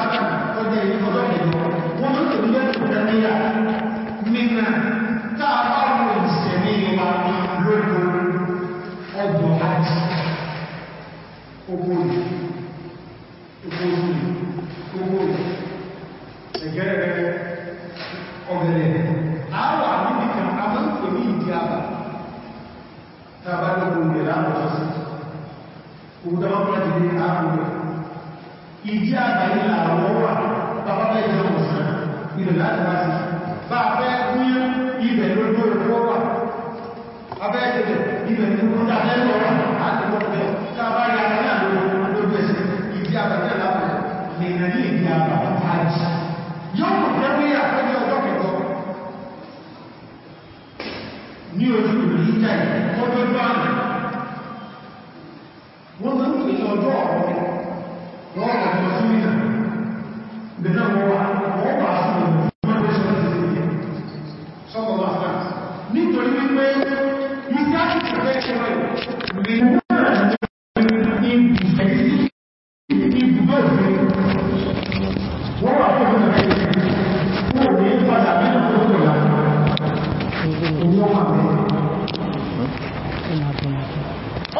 الحاكم قد يفضل ومن تبيت الدنيا مما تعرض السميع لكم الضحات قبول قبول قبول أجل ọ̀gẹ̀rẹ̀ àwọn àmìbìkan abẹ́kùn ní ìdí àbà tàbí gbogbo ìlànà ọ̀sán òdá ọmọdé ní ààrùn ìdí àbáyé làwọ́ wà bàbá ìjọ ọ̀sán ilẹ̀ láti wá sí bá abẹ́ ní ibẹ̀ lójú ẹ̀kọ́ wà abẹ́ ìjọ ibẹ̀ ní kúrò dáadẹ́lọ́wà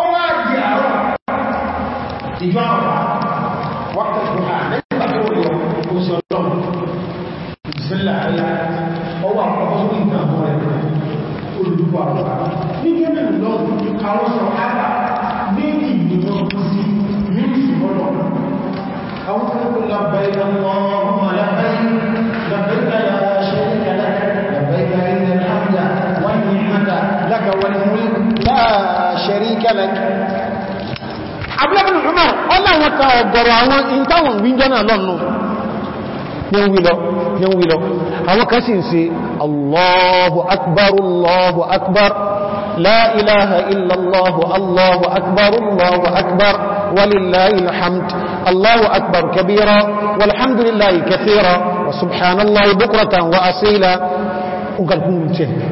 ọwọ́ àti àárọ̀ ìjọ àwọ̀ wọ́pẹ̀ fún àà mẹ́ta tó lọ oṣù ọlọ́run ìsìnlẹ̀ àyà ọwọ́ àpapọ̀ fún ìgbàmọ́ rẹ̀ olùkọ́ àwọ̀ ní gẹ́gẹ́ lọ́rùn àwọn sọ ápá méjì ìgbìmọ̀ sí ní ìṣùgbọ́nà àwọn tó lábẹ́ ìgbàmọ́ الله أكبر الله أكبر لا إله إلا الله الله أكبر الله أكبر ولله الحمد الله أكبر كبيرا والحمد لله كثيرا وسبحان الله بكرة وأصيلا وقال هم تهب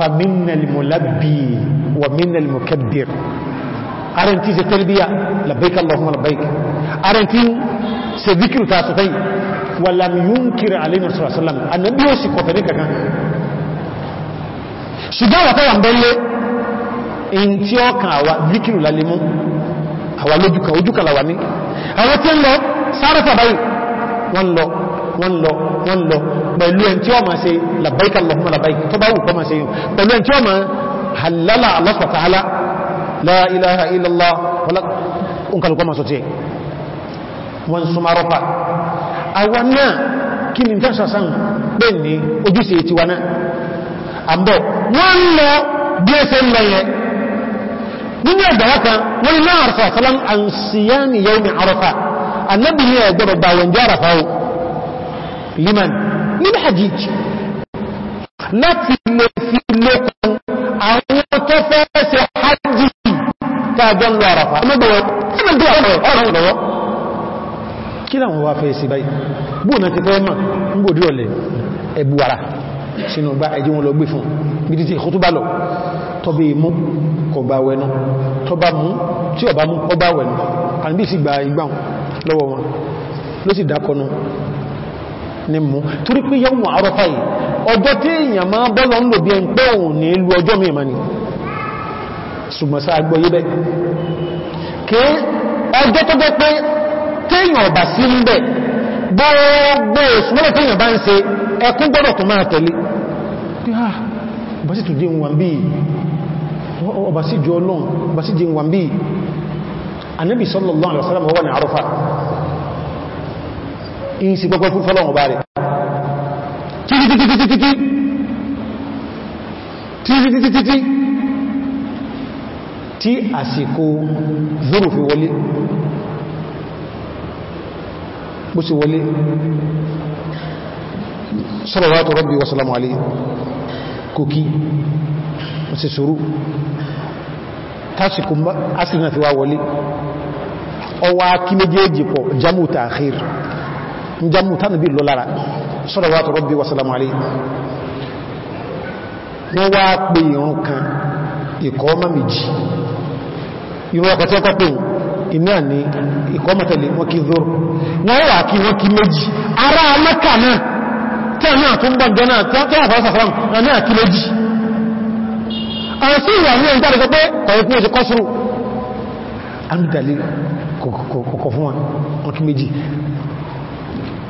فمن الملبي ومن المكبر ارنتي سي تلبيه لبيك اللهم لبيك ارنتي سي ذكر تاسفي ولم ينكر علينا صلى الله عليه وسلم ان النبي سي كوتني كان شجاعه تاع امبله ان تيوكا وا ذكر لليمو اوا لوجوكا وجوكا لواني اوا تيلو صارت باي والله wọ́n lọ wọ́n lọ pẹ̀lú ẹn tí ó ma ṣe labbaik Allahumma labbaik tó bá wù kọ́ ma ṣe yìí pẹ̀lú ẹn tí ó ma halala Allah wa ta'ala la ilaha illallah wala nkàlùkọ́ ma wọ́n ni tán sàsán pé ni náà ni yawmi annabi ni ẹgbẹ̀rẹ̀ gbàwẹ̀ jẹ́ àrùfà liman min hajjij láti lè fi lókun àwọn tó fẹ́ ṣe hajji tàbí ọlọ́ àràfà ọmọdéwọ́ kí láwọn wá fẹ́ sí báyìí bú na ti fẹ́ mọ̀ ń bò dí ọ̀lẹ̀ ẹ̀bù ara sínú gbá ẹjí wọn lọ gbé fún gidi tí ìkútúbà lọ tọ́bí mú kọ bá wẹnu tọ́bá mú tí ọba mú ọba wẹnu àbí sì gba igbáhùn lọ́wọ́ wọn ló sì dákọnu ní mú torí pé yọ́mù àrọ́fà yìí ọjọ́ tí èèyàn máa bọ́lọ ń lò bí ẹn pẹ́ òun ní ìlú ọjọ́ mìíràn ni ṣùgbọ́n sáà gbọ́ yíbẹ̀ kí ọjọ́ tó jẹ́ pé téèyàn ọ̀bà sí ń bẹ̀ gbogbo ìsúnmọ́lẹ̀ téèyàn bá ń ṣe ẹkún gbọ́dọ̀ tó máa tẹ̀lé ah, ọba sí tùdí wọn bí ọba sí jọ náà in si pẹ́pẹ́ fún fọ́lọ́wọ̀n bá rẹ̀ títítítítítítí tí àsìkò zoro fi wọlé bó sì wọlé salawatu rabbi wa salamu alayhi kòkí ó sì sòrò tásìkò asìkò náà fi wá wọlé ọwá kí méjèèjì pọ̀ jamu ta'khir jamu tánàbí lọ lára salawatu rabbi wa salamu alayhi wọ́n wá pè ìrun kan ìkọ́ọ́mà méjì ìrun ọkọ̀ tí ó kọ́pẹ̀ iná ní ìkọ́mọ̀tẹ̀lẹ̀ wọ́n kí zoro wọ́n wà kí wọ́n kí méjì ará Mẹ́kà náà tẹ́ náà tó ń gbọ́gbọ́ náà tẹ́ wọ́n fọ́n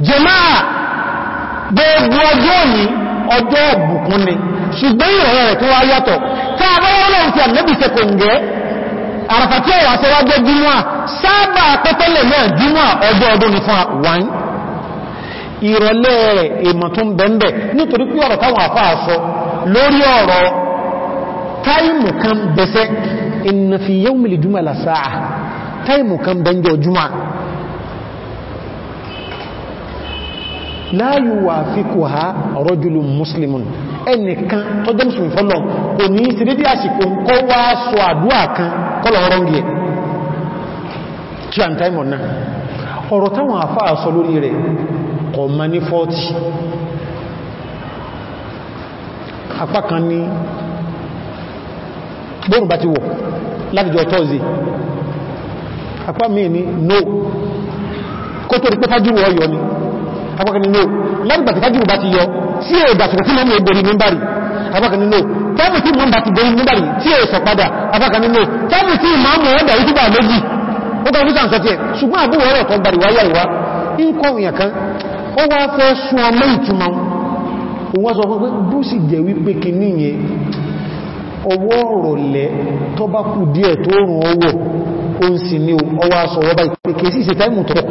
jẹmáà gbogbo ọjọ́ òní ọjọ́ ọ̀bùkún ni ṣùgbọ́n ìrọ̀rọ̀ rẹ̀ tó wá yàtọ̀ káà bá wọ́n lọ́n ti ànẹ́bì ṣe kò ń gẹ́ àràfàtí ẹ̀wà sọ wá jẹ́ jímọ́à sábà pẹ́tẹ́lẹ̀ náà jímọ́à ọjọ́ ọdún ní fún àwọn ìrọ̀lẹ́ rẹ̀ èmọ̀ tó ń bẹ̀m̀bẹ̀ nítorí pé ọ̀rọ̀ táwọn àfáà sọ lórí ọ̀rọ̀ táìmù láàyù wà fi kò ha rọ́jùlù muslimun ẹnìkan tó jẹ́ musulmi fọ́lọ̀ kò ní sí dédé àsìkò kọ́ wá sọ àdúwà kan kọ́lọ̀ rọ́ngì ẹ̀ kí à ń táìmọ̀ náà ọ̀rọ̀ táwọn àfáà sọ lórí rẹ̀ kọ̀ ma ní 40 apá kan ní bóòrùn bá ti wọ̀ láti tọ́ọ̀zì apá míì ní no kó tó rí pé fájúrù ọyọ ni apákan nínú lẹ́gbà tí fájúrù bá ti yọ tí è ìgbà tí mọ́mù ìgbèrí mímbàrí apákan nínú tẹ́mù tí mọ́mù bá ti gbèrí mímbàrí tí è sọ padà apákan nínú tẹ́mù tí mọ́mù ọ̀dà yìí túbà méjì ó tọ́ fíṣà sọ tí ẹ̀ ṣùgbọ́n àbúrò ọ̀rọ̀ tó gbàrí wáyà ìwá ń kọ́ ìyàn kan ó wá fẹ́ sun ọmọ ìtumọ̀ òun sọ pé bó sì jẹ́ wípé ọwọ́ rọ̀lẹ́ tó díẹ̀ tó rùn ọwọ́ ó ń ọwọ́ aṣọ ọwọ́ bá ìpé kèsì ìsẹ̀tẹ́mù tọ́pọ̀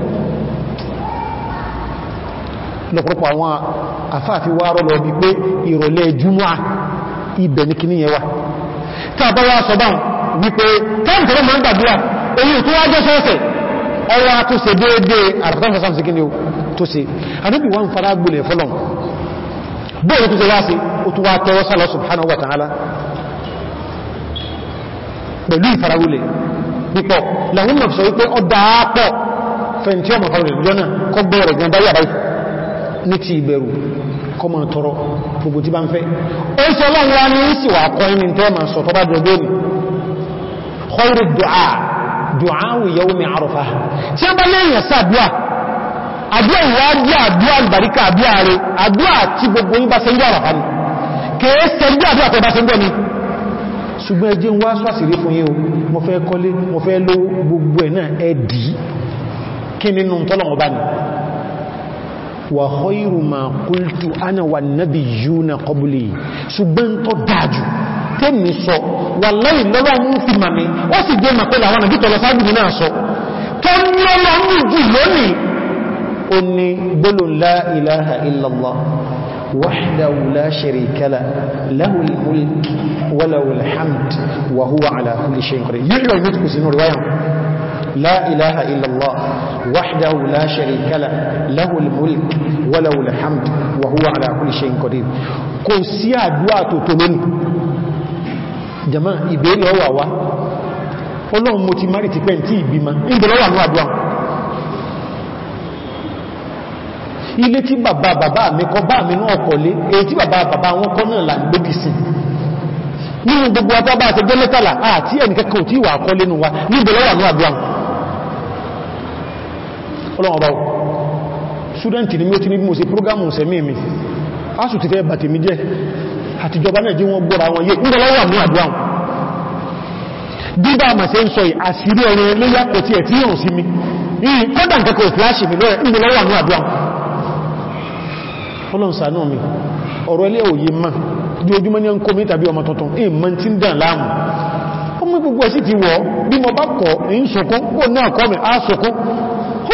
lọ́pọ̀lọpọ̀ àwọn àfáàfi wá rọ́lọ̀ bí pé ìrọ̀lẹ́ jùmọ́ ibẹ̀ ní kìníyẹ wa tí a bá wá sọ báhùn wípé tẹ́mtẹ̀rẹ́ ma ń gbàdúrà èyí tó wájọ́ sọ́ọ̀sẹ̀ ọwá tó se déédé pẹ̀lú ìfarawulẹ̀ pípọ̀ làwọn mọ̀ sọ wípé ọdá pọ̀ fẹ̀ntí ọmọ farawulẹ̀ lọ́nà kọgbọ́ rẹ̀ gan báyà báyìí ní ti ìbẹ̀rù kọmọ tọrọ gbogbo tí bá ń fẹ́ ó sọ lọ́wọ́ wá ní ìsìwà kọ́ ẹni tẹ́ ma sọ tọba dọ̀dọ̀ni kọ́rì dùá dùáwù yawmi àrùfà tí a bá lẹ́yìn ẹ̀sà àdúà àdúà ìwádìí àdúà àlùbáríkà àdúà rẹ̀ àdúà tí gbogbo yí bá ṣe ń jọ àràfà ní kèé ṣe ń jọ àdúà tẹ́ bá ṣe ṣùgbọ́n ẹjẹ́ ń wá sọ́sìrí fún yíò mo fẹ́ kọ́lé mo fẹ́ lówó gbogbo ẹ̀ náà ẹ̀dì kí nínú tọ́lọ̀mọ̀bá ni وخير ما قلت انا والنبيون قبلي سبن تداجو تمي سو والله لو مو في مامي او سي جي ما كلا وانا جيت تولا ساجي نا سو لا لو لوني اني بلون لا اله الا الله وحده لا شريك له له الملك وله الحمد وهو على كل شيء قدير يلا يذكر سنور لا اله الا الله وحده لا شريك له له الملك وله الحمد وهو على كل شيء قدير kò sí àdúwà tó tó lónìí jama ìbéèrè ọwà wá ọlọ́run mo ti márì ti pẹ́ tí ìbímá ń bẹ̀rẹ̀ wà ní àdúwà ilé tí bàbá bàbá mi kọ́ bá mi náà kọ́lé èyí tí bàbá bàbá wọn kọ́ náà là ń gbé bìí sí nínú gbogbo atábà àti gẹ́lẹ́tàlà àti ẹnìkẹ́kọ̀ọ́ tí wà kọ́lé nù wa níbẹ̀rẹ̀ wà ní àdúwà ọlọ́wọ́ báwọ̀ ṣúdẹ́ntì ni mí ó ti ní bí mo ṣe prógámù ṣe mí mi fásù ti fẹ́ bàtì mí jẹ́ àtijọba náà jí wọ́n gbọ́ra wọn yé nígbà lọ́wọ́ àmú àdúrà bíbá àmà ṣe ń mi yìí kọ́dà nǹkan kò fíláṣì mi lọ́rẹ̀ nígbà lọ́wọ́ àmú àdúrà ọlọ́run ṣàánú mi ọ̀rọ̀ ilé òye mọ́ bí ojúmọ́ ní ọkọ̀ mi tàbí ọmọ tuntun èèmọ́ tí ń dàn láàmù gbogbo ẹ̀ ti wọ́ bí mo bá kọ̀ ń sọkún ó náà kọ́ mi á sọkún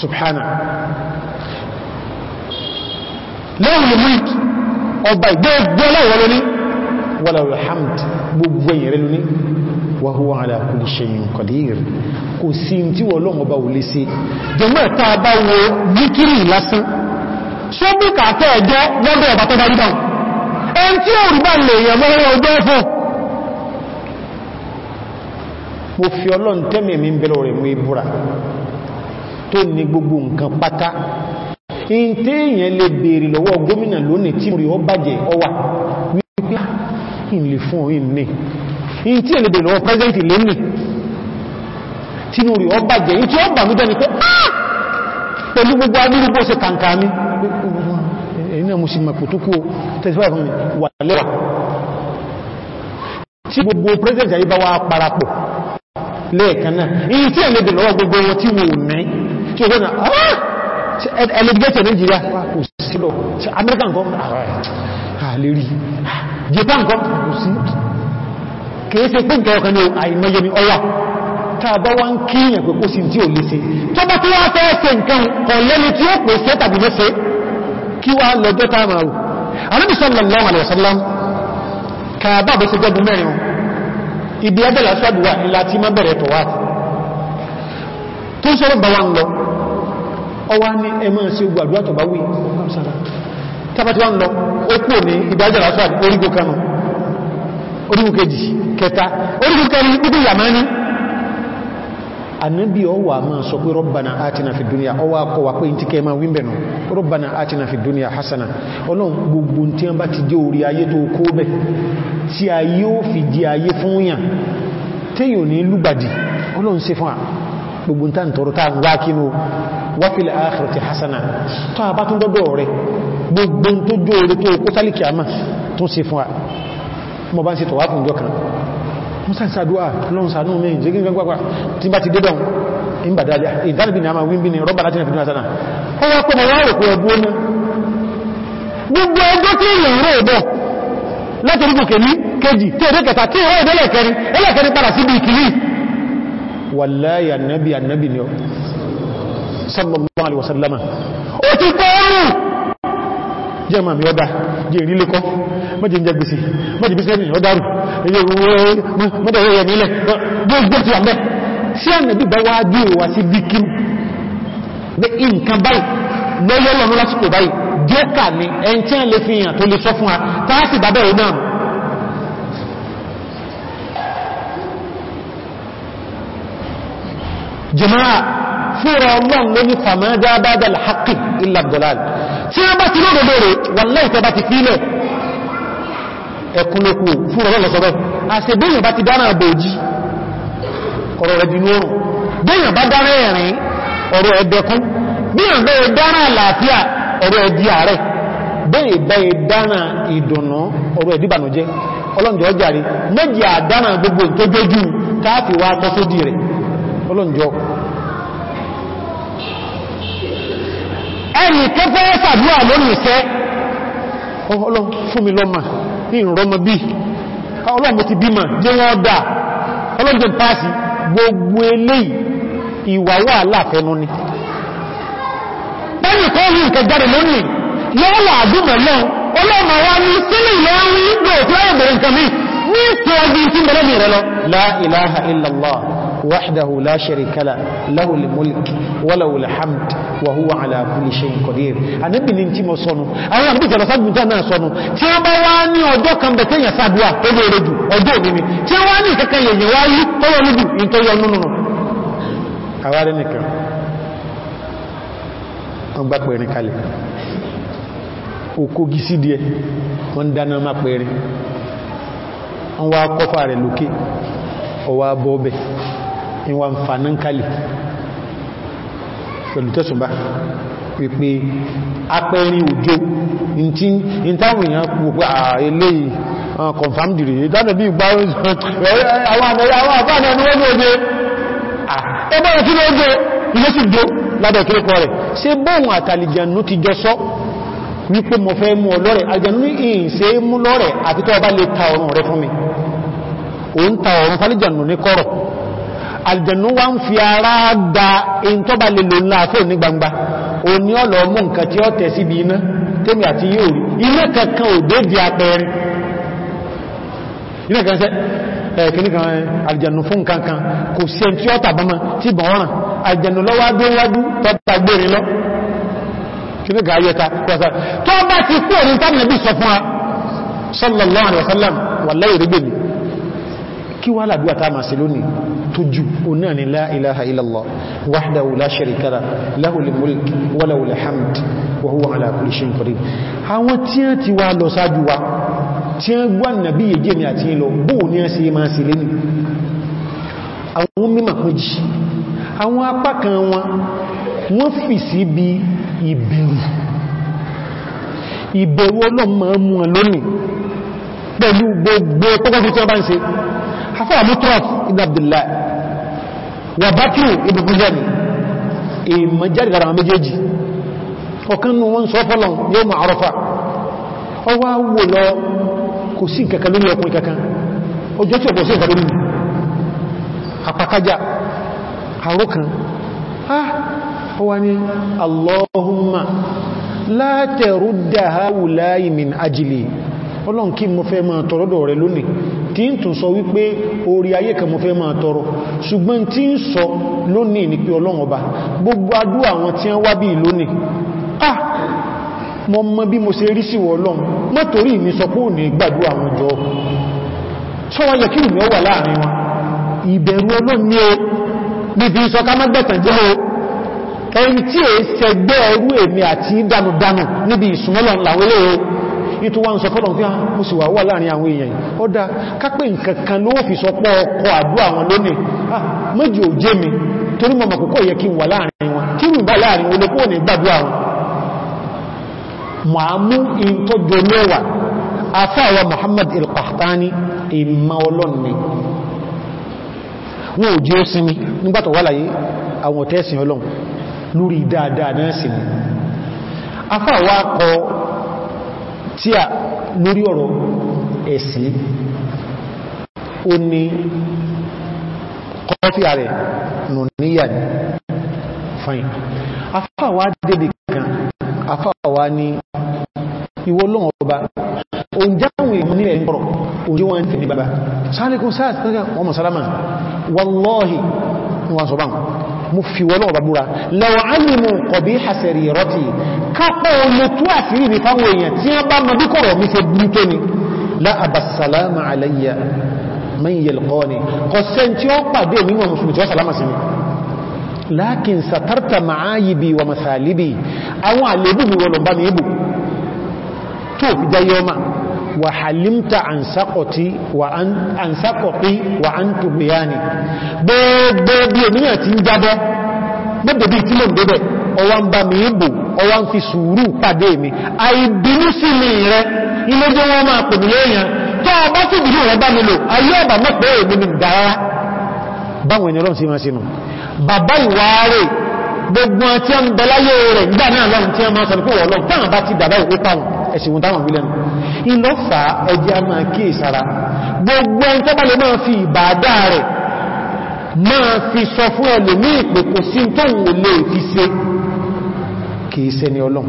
subhana lẹ́wọ̀n mọ́ìk ọba ìgbẹ́gbẹ́ ọlọ́wọ́ lóní wọ́lọ̀wọ̀ hamd gbogbo ẹ̀yẹ̀rẹ́ lóní wa huwa ala kulli shay'in qadir kò sí tí wọ́n lọ́wọ́ bá wọlé sí jẹmọ́ ẹ̀ta bá wọ zikiri lásán ṣọ́bùkà tẹ́ ẹjọ́ lọ́dọ̀ ọba tó bá rí bá ẹn tí mo fi ọlọ́n mi ń bẹ̀rẹ̀ rẹ̀ mú ibúra tó ní gbogbo nǹkan pátá in tí èyàn lè bèèrè lọ́wọ́ gómìnà lónìí tí rí ọ bàjẹ́ ọwà wípé in lè fún orin ní in tí èlè bèèrè lọ́wọ́ pẹ́sẹ̀ntì lónìí tí rí ọ bàjẹ́ in tí ó bà mújẹ́ ni pé ah! pẹ̀lú gbogbo adúrúgbó ṣe kàǹkà mi ẹ̀yìn mo sì mọ̀kù tó kú tẹ́síwáì fún mi wà wa parapọ̀ lẹ́ẹ̀kan náà in tí èlè bèèrè lọ́wọ́ gbogbo wọn tí wọn UK lọ́nà ẹlẹ́gbẹ́tẹ̀ Nigeria kò sí lọ America nǹkan àlérí Japan nǹkan kò sí kìí ṣe pé nǹkan ọkàn ní àìmọye ni ọwà tàbá wá ń kíyàn pé kó sí tí ò lè ṣe tó bá tí wá fẹ́ ṣe nǹkan ọ̀lẹ́ni tí ó pè ṣe tàbí mẹ́ṣe kí wá lọ́jọ́ táàmàrù Ànábì sallallahu alaihi wasallam kàbá bó ṣe gẹ́gùn mẹ́rin ibi ẹgbẹ̀lá ṣàdùwà ni láti má bẹ̀rẹ̀ tọ̀wà ọwá ní ẹmọ́ sí ogun àdúrà tọ̀bá wí tàbátí wọ́n lọ ó kú ní ìdájọ́ lásán orígun kanu orígun kejì kẹta orígun kẹrin gbogbo yàmání annabi ọwà máa sọ pé rọ́bàna àtìna fi dúníà ọwà kọwà pé tí kẹ máa wímbẹ̀nà rọ́bàna àtìna fi dúníà hasana ọlọ́run gbogbo tí wọ́n bá ti jẹ́ orí ayé tó kó bẹ̀ tí ayé ó fi di ayé fún yàn tí yóò ní lúgbàdì ọlọ́run ṣe fún à gbogbo ta ń tọrọ ta ń wá kínú wáfílẹ̀ àkìrìtì hasana tó a bá tún dọ́dọ̀ rẹ̀ gbogbo tó jó orí tó kó sálìkì àmà tó sì fún a mọ́ bá ń sì tọ̀wá fún ìjọ kan mú sàdúwà lọ́n sàdú tí ó wá tí èèyàn rẹ̀ ìdẹ́lẹ̀kẹrin ẹlẹ́kẹrin padà síbi ìkìlì wàláyà nábi annabi ni ọ sallallahu alaihi wasallama o ti pẹ́rù jẹ́ ma mi ọdá jẹ́ ìrílé kọ́ mọ́jẹ́ jẹ́ gbèsè mọ́jẹ́ bí sẹ́ni ọdárù ilé mọ́dẹ̀wẹ̀ nílẹ̀ gbogbo ti wà mẹ́ sí ànàbí bá wá jí wà sí bíkín pé nǹkan báyìí lọ́yọ́lọ́rún lásìkò báyìí jẹ́ kà ní jama'a fúra ọlọ́run ló ní fàmádá bá dà l'áàkì illa dalal tí a bá ti lọ́dọ̀ lóòrè wallahi tẹ́ bá ti fílẹ̀ ẹkùnlẹ́kù fúra ọlọ́run sọ́dọ̀ àṣẹ bẹ́yàn bá ti dára àbòjì ọ̀rọ̀ rẹ̀ bí lóòrùn bẹ́yàn bá dára ẹ̀rin ọ̀rọ̀ ẹ̀dẹ̀kún bẹ́yàn bẹ́ẹ̀ dára àlàáfíà ọ̀rọ̀ ẹ̀dí ààrẹ káàfi wá tọ́sódì rẹ̀ ọlọ́njọ́ ẹni kẹfẹ́ sàdúwà lónìí iṣẹ́ ọlọ́ fún mi lọ́mà ní ìrọmọ bí ọlọ́mọ ti bímọ jẹ́ wọ́n dà ọlọ́njọ́ pàásì gbogbo eléyìí ìwà wà láàfẹ́nú ni pẹ́lú kọ́ rí nǹkan jáde lónìí lọ́wọ́ àdúmọ̀ náà ọlọ́mọ wa ní sílẹ̀ ìlọ́wọ́ ní ìgbò tí ó yẹ̀ bẹ̀rẹ̀ nǹkan وحده لا شريك له له الملك وله الحمد وهو على كل شيء قدير ànábì ní tí mo sọnù àwọn àbí ìjọba sáàbù jẹ́ náà sọnù tí wọ́n bá wá ní ọjọ́ kan bẹ̀tẹ̀ yẹn sáàdúwà tó lè rẹ̀ jù ọjọ́ òní ni tí wọ́n wá ní ìkẹ́kẹ́ yẹn yẹn wáyé tó yọ lójú ìtọ́yọ nínú àwárí nìkan wọ́n gbá pẹ̀rin kalẹ̀ òkó gisi díẹ̀ wọ́n dáná má pẹ̀rin wọ́n wá kọfà rẹ̀ lókè ọwá bọ́ọ̀bẹ̀ ìwọ̀n fanankali pẹ̀lú tẹ́sùn bá wípé apẹ́rin òjò in táwọn èèyàn púpọ̀ ààrẹ confam dìrì ìdánà bí ìgbárò àwọn àmẹ́rẹ́ àwọn àbáàdà ni wọ́n ní oje ẹgbẹ́rẹ̀ kí ní oje ilé sì jó lábẹ̀ kí lókọ rẹ̀ ṣe bóhun àtàlìjànú ti jọ sọ mo fẹ́ mú ọlọ́rẹ̀ àjànú ní ìṣẹ́ mú lọ́rẹ̀ àti tó aljannu wa ń fi ara da in tó bá lè lò ńlá fún ní gbangba o ní ọ̀lọ̀ mú nǹkan tí ó tẹ̀ síbi iná tẹ́mì àti yóò rí iná kankan ò dé di apẹẹrẹ iná kan sẹ́ ẹ̀kìníkan aljannu fún kankan kò sí tí ó tàbámá tí bọ̀ ọ̀ràn aljannu sallallahu alaihi wasallam wallahi rí gbèmí kí wá làdúwà tá máa ṣe lónìí tó jù o náà ni la ilaha illallah wahdahu la sharika lahu lahul mulk wa lahul hamd wa huwa ala kulli shay'in qadir àwọn tí wọ́n ti wá lọ sáájú wa tí wọ́n gbọ́ nàbí yẹjẹ́ mi àti ìlọ bóò ní ẹsẹ̀ máa ṣe lónìí mú wọn pẹ̀lú gbogbo pọ́pọ́ tí wọ́n bá ń ṣe afọ́ mutrat ibn abdullahi wa bakiru ibn hujjami èèmọ̀ jáde lára méjèèjì ọ̀kan nù wọ́n sọ fọ́lọ̀ yóò ma àrọ́fà ọ wá wò lọ kò sí kankan lórí ọkùnrin kankan ọjọ́ tí ọ̀pọ̀ sí ìfà lórí àpakájá àrókan ọ ah, wá ní allahumma la tarudda haula'i min ajili ọlọ́n kí mo fẹ́ máa tọ̀rọ̀dọ̀ rẹ̀ lónìí tí ń tún sọ wípé orí ayé kan mo fẹ́ máa tọrọ ṣùgbọ́n tí ń sọ lónìí ní pé ọlọ́run ọba gbogbo adú àwọn tí wọ́n wá bí lónìí ah mo mọ bí mo ṣe rí sí wọ ọlọ́run mọ́ torí mi sọ pé ò ní gbàdú àwọn jọ ṣọ́ kí ìmọ̀ wà láàrin wọn ìbẹ̀rù ọlọ́run ní o níbi ìsọ ní tó wá ń sọ fọ́lọ̀ fíà mú sí wà wà láàrin àwọn èèyàn ó dá kápẹ́ nǹkankan ló fi sọ pọ́ ọkọ̀ àdúrà wọn lónìí ah méjì ò jẹ́ mi torí mọ̀ mọ̀kọ̀kọ́ yẹ kí wà láàrin wọn kí Muhammad al-Qahtani ìmá ọlọ́ni wọn ò jẹ́ ó sinmi nígbàtọ̀ wà láyé àwọn tẹ́sìn ọlọ́run lórí dáadáa náà sinmi afáwà kọ tí a lórí ọ̀rọ̀ ẹ̀sìn ó ní kọfí ààrẹ nù níyà ní fain afáwà dédé kan afáwà ní ìwọ́lọ́wọ́ ọba oúnjẹ́ àwọn èèyàn nílẹ̀ ń pọ̀rọ̀ orí wọn tẹ̀lé bàbá sáàlékún sáàs wọ́n mọ̀ sálámà wallahi wọ́n sọ báhùn mú fi wọ́n lọ́wọ́ bàbúra lọ́wọ́ ánìmù kọ̀bí hasẹ̀rì rọ́tì kápọ̀ olè tó àfírí ní fáwọn èèyàn tí wọ́n bá mọ̀ bí mi ṣe tó fi jẹ́ yọ́ máa wa halimta an sakoti wa an sakoti wa an tubiyani gbogbo bí ènìyàn ti ń jábọ́ gbogbo bí tí mo gbogbo ọwá ń bá mi ìbò ọwá ń fi sùúrù pàdé mi àìbínú sí mi rẹ ilójó wọn máa pè nílé èèyàn tó ọba sí ìbínú rẹ bá mi lò ayé ọba mọ́pẹ́ èmi ni dára báwọn ènìyàn sí máa sínú bàbá ìwárè gbogbo àti àmì bẹ̀láyé rẹ̀ gbà náà lọ́run tí a máa sọ ẹ̀sìnwọ̀n táwọn wílẹ̀ ìlọ́fà ẹjẹ́ a máa kí ìsára gbogbo ẹn tó bá lè máa fi ìbàdá rẹ̀ máa fi sọ fún ẹlò ní ìpè kò sí tó wò lè fi ṣe kìí ṣe ni ọlọ́run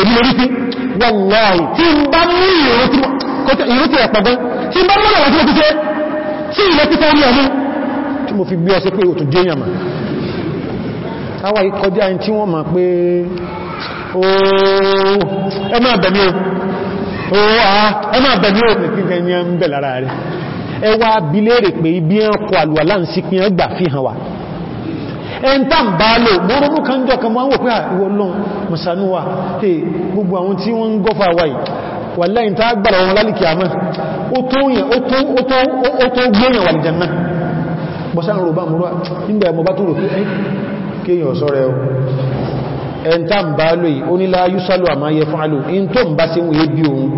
èmi orí pé wọ́láì tí ń bá mú ìrètí ẹ̀pọ̀gbọ́n tí ń bá mú ìrètí ẹ̀pọ̀gbọ́n tí ilẹ̀ títà ní ọmọ tí mo fi gbé ọ sí pé òtù jẹ́yàmà ẹmọ́ o ẹmọ́ àbẹ̀mí o kíkẹ́ ní ẹmọ́ bẹ̀ lára rẹ̀ ẹwà bilẹ̀rẹ̀ pé ibi ẹnkọ àlùwàlá ń sí pín ẹgbà fi hàn wà ẹn tàn bá lò mọ́rọ̀mú kan jọ kan wọ́n wò pé ìwọ lọ́n mọ̀sánúwà gbogbo àwọn tí wọ́n ń gọ́fà wáyì wà lẹ́yìn tá gbàrà wọn lálìkì àmọ́ ẹ̀ntà ń bá lóì onílá yúsàlù àmá yẹ fún alò in tó ń bá sí wọ́n ebi òun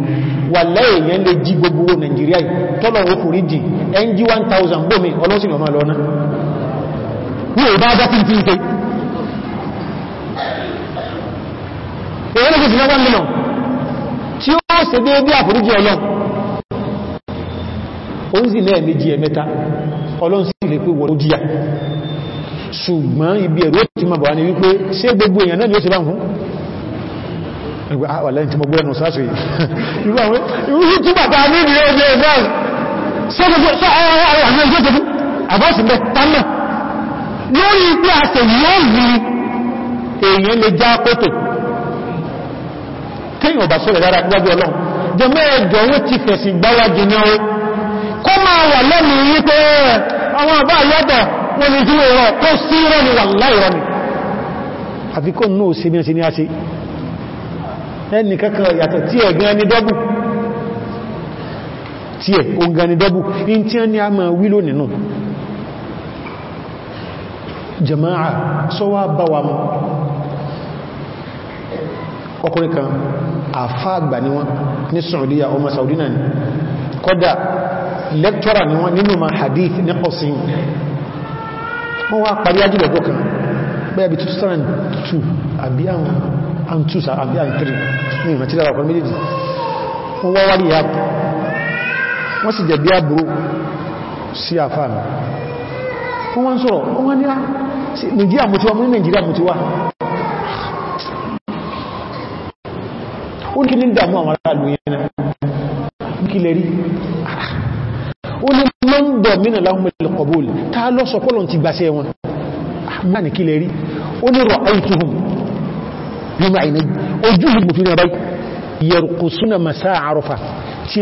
wà lẹ́yìn yẹn lè jí gbogbo Nàìjíríà tọ́lọ̀ òkùnrin jì ẹnjí 1000 bómi ọlọ́sìn ọmọ lọ́nà ní ìbá dá tí tí ń ọlọ́sìn lè pé wọ́n ó jíyà ṣùgbọ́n ibi ẹ̀rọ ti ma bọ̀ ní wípé ṣe gbogbo èèyàn náà ni ó ṣe bá ń fún ẹgbẹ́ àwàlẹ́ tí mo gbọ́ ẹnu sáṣọ yìí irú tí bàbá ní ìrìn ojú ẹgbẹ́ ṣe gbogbo ṣe àwọn àwọn ẹgbẹ́ tó àbọ́sì mẹ́ tánà lórí ipé àṣẹ yóò rí èèyàn lè já kótò kéèyàn bá sọ́rẹ̀ dára gbájú ọlọ́run jẹmọ́ ẹjọ́ wọ́n ti fẹ̀sìn gbáwájú náà kó máa wà lẹ́nu yí pé àwọn àbá yọ́bọ̀ wọ́n ni jíwẹ̀ rọ kó sí rọ ni wallahi rọ ni àfi kó ní òsì mìíràn sí ní àṣí ẹni kankan yàtọ̀ tí ẹ̀ gan ni dọ́bù tí ẹ̀ o gan ni dọ́bù in tí ẹni a máa wílò nínú jama'a sọ́wọ́ bá wa mọ́ ọkùnrin kan àfá ni wọ́n ní Saudiya ọmọ Saudi náà ni kọ́dà lẹ́kítọ́rà ni wọ́n nínú ma hadith ní ọ̀sìn wọ́n wá parí ájú lọ́gbọ́ kan bẹ́ẹ̀bí 2002 àbí àwọn 2 àbí àwọn 3 ní ìmọ̀tílára ọ̀pọ̀ méjèèjì wọ́n wá wárí ìyá wọ́n sì jẹ̀bí àbúrò sí àfáàmì wọ́n wá ń sọ̀rọ̀ wọ́n ah, ní Nàìjíríà mú ti wá mú ní Nàìjíríà mú ti wá ó ní kí ní dàmú àwọn aráàlú yẹn náà kí lè rí ah, man domina lahumul qabul ta ló sọ pọ́lọ̀ ti gbàṣẹ́ wọn àgbà ah, ní kílẹ̀ rí ó ní ra'aytuhum nínú àìní ojú ìgbò fi ní ọba yarqusuna masá àrọ́fà tí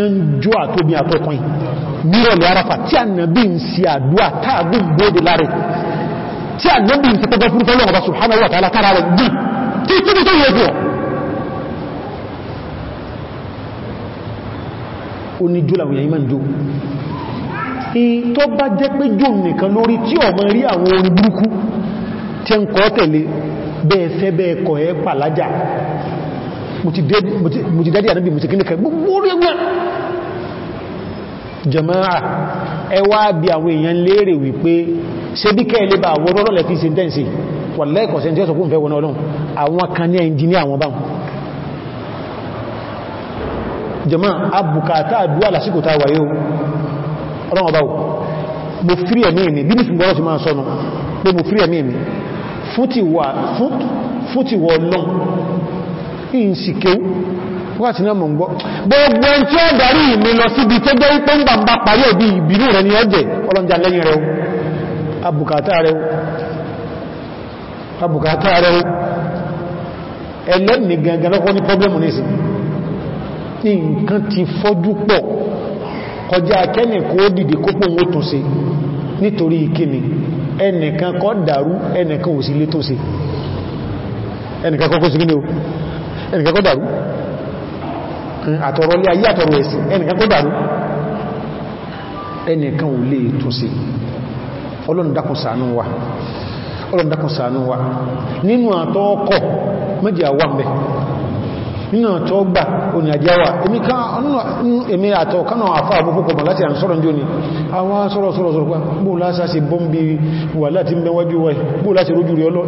a nàbí ń tẹ́tẹ́ fún fọ́lọ́ ọba subhanahu wa ta'ala rẹ̀ gbí tí tí tó yẹ jọ ó ní jọ làwọn èèyàn ìmọ̀ in tó bá jẹ́ pé jò nìkan lórí tí ọmọ rí àwọn orin burúkú tí ń kọ́ tẹ̀lé bẹ́ẹ̀ fẹ́ bẹ́ẹ̀ kọ̀ ẹ́ pàlájà mo ti dádí ànábì mo ti kíníkà gbogbo orí ẹgbẹ́ jama'a ẹ wá bí àwọn èèyàn léèrè wípé ṣe bí kẹ́ ilé bá àwọn ọlọ́lẹ̀ fi ṣe tẹ́ǹsì wà lẹ́ẹ̀kọ̀ sẹ́ntí ọ̀sọ̀ fún ìfẹ́wọ̀n ọlọ́run àwọn kan ní àwọn báwọn jama'a abùkátà àdúwà lásìkò táwà yóò ọlọ́wọ́ báwò mo fírí ẹ̀mí mi bí nìsìn gbọ́rọ̀ sí máa sọ́nà pé mo fírí ẹ̀mí mi fún ti wọ lọ́n in sì kéw wáti náà mọ̀ ń gbọ́ gbogbo ẹn tí ó darí mi lọ síbi tó jẹ́ wípé ń bà ń bá parí òbí ìbínú rẹ̀ ni ọjẹ́ ọlọ́njà lẹ́yìn rẹ̀ abùkátà rẹ̀ abùkátà ẹlẹ́ni gangan lọ́kọ́ ní pọ́blẹ́mù ní nǹkan ti fọ́jú pọ̀ kọjá kẹ́nì kó dìde kópò ó tó se nítorí ìkíni ẹnìkan kọ́ dàrú ẹnìkan ò sí lé tó se ẹnìkan kọ́ kó sí kí ni o ẹnìkan kọ́ dàrú àtọ̀rọ̀ lé ayé àtọ̀rọ̀ ẹ̀sìn ẹnìkan kọ́ dàrú ẹnìkan ò lè tó se Ọlọ́run dákun ṣàánú wa Ọlọ́run dákun ṣàánú wa nínú àtọ́ọ̀kọ̀ méjì àwọn mẹ́ nínú tó gbà òní àdíyàwà èmi àtọ̀ kánà àfà àbúkòkò mọ̀ láti àǹsọ́rọ̀ jóni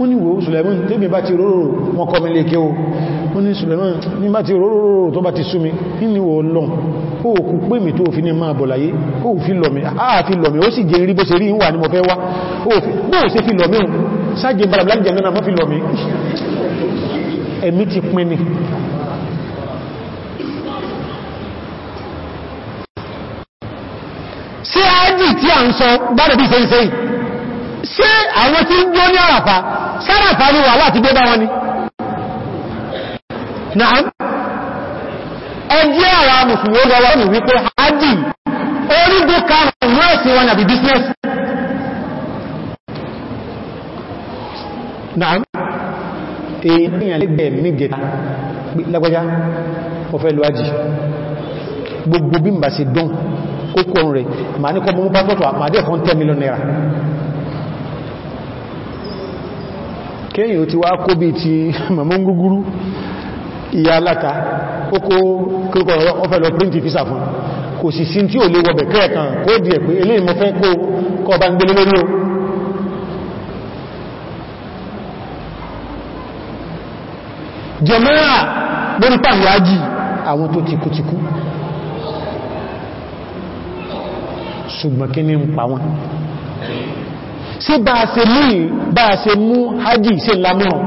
ni wo Suleiman tébì bá ti róró wọn kọ́ mi lè kéo wọ́n ni Suleiman ní bá ti róró tó bá ti súnmi nínú wọ́n lọ́n ó kú pé mi tó fi ní máa bọ̀ láyé ó fi lọ̀mí àáfi lọ̀mí ó sì jẹ rí bó ṣe rí wà ní mọ̀fẹ́ wá ó fi lọ̀mí sáàjẹ̀ bàràbàrà jẹ̀ ẹ̀mí ti pín ni ṣé ájì tí a ń sọ gbọ́dọ̀ bí sẹ́yìn ṣé àwọn tí ń jó ní àràfà sáràfà ní wà láti gbé bá wọn ni náà ẹgbẹ́ àwọn amùsùnwó lọ́wọ́ ní wípé ájì orígbó karùn-ún ẹ̀sìn wọn àbí business náà èèyàn lẹ́gbẹ̀ẹ́ méjèta lágbàjá ọ̀fẹ́ lọ́wájì gbogbo bí mbà sí dán ó kọ́ rẹ̀ ma ní kọ́ mú pásọ̀tọ̀ àpàdé ẹ̀kọ́ 10 million naira kéyìn ó ti wá kó bí ti mọ̀mọ́ gúgúrú ìyá aláta ó kó kíkọ́ ọ̀fẹ́ lọ print fún kò sì sí tí ò lè wọ̀bẹ̀ kẹ́ẹ̀kan kó dì pé eléyìn mọ́fẹ́ kó kọ́ bá ń gbélé lórí o jẹmọ́ra lórí pàwàájì àwọn tó tìkútìkú ṣùgbọ́n kí ní ń pa wọn sí bá a ṣe mú bá a ṣe mú hajji ṣe lámọ́ràn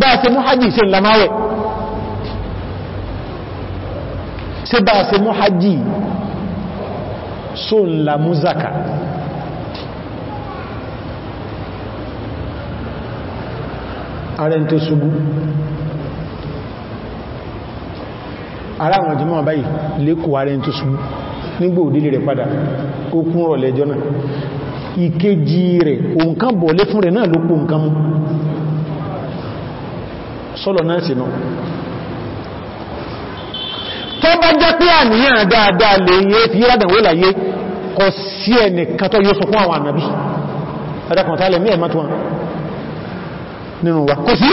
bá a ṣe mú hajji ṣe lámọ́rẹ̀ sí bá a ṣe mú hajji ṣe lámú zaka ààrẹ tó ṣubú ara àwọn jùmọ́ báyìí lékò ààrẹ tó ṣubú nígbò òdílé rẹ̀ padà ó kún rọ̀lẹ̀ ẹjọ́ náà ìkéjì rẹ̀ òǹkan bọ̀ lé fún rẹ̀ náà ló pò nǹkan mú sọ́lọ̀ náà sì náà tó bá jẹ́ pé àníyàn dáadáa lè yẹ fi rádànwó láyé kọ sí ẹnìkan tó yóò sọ fún àwọn ànàbí adákan tààlẹ̀ nínú wa kò sí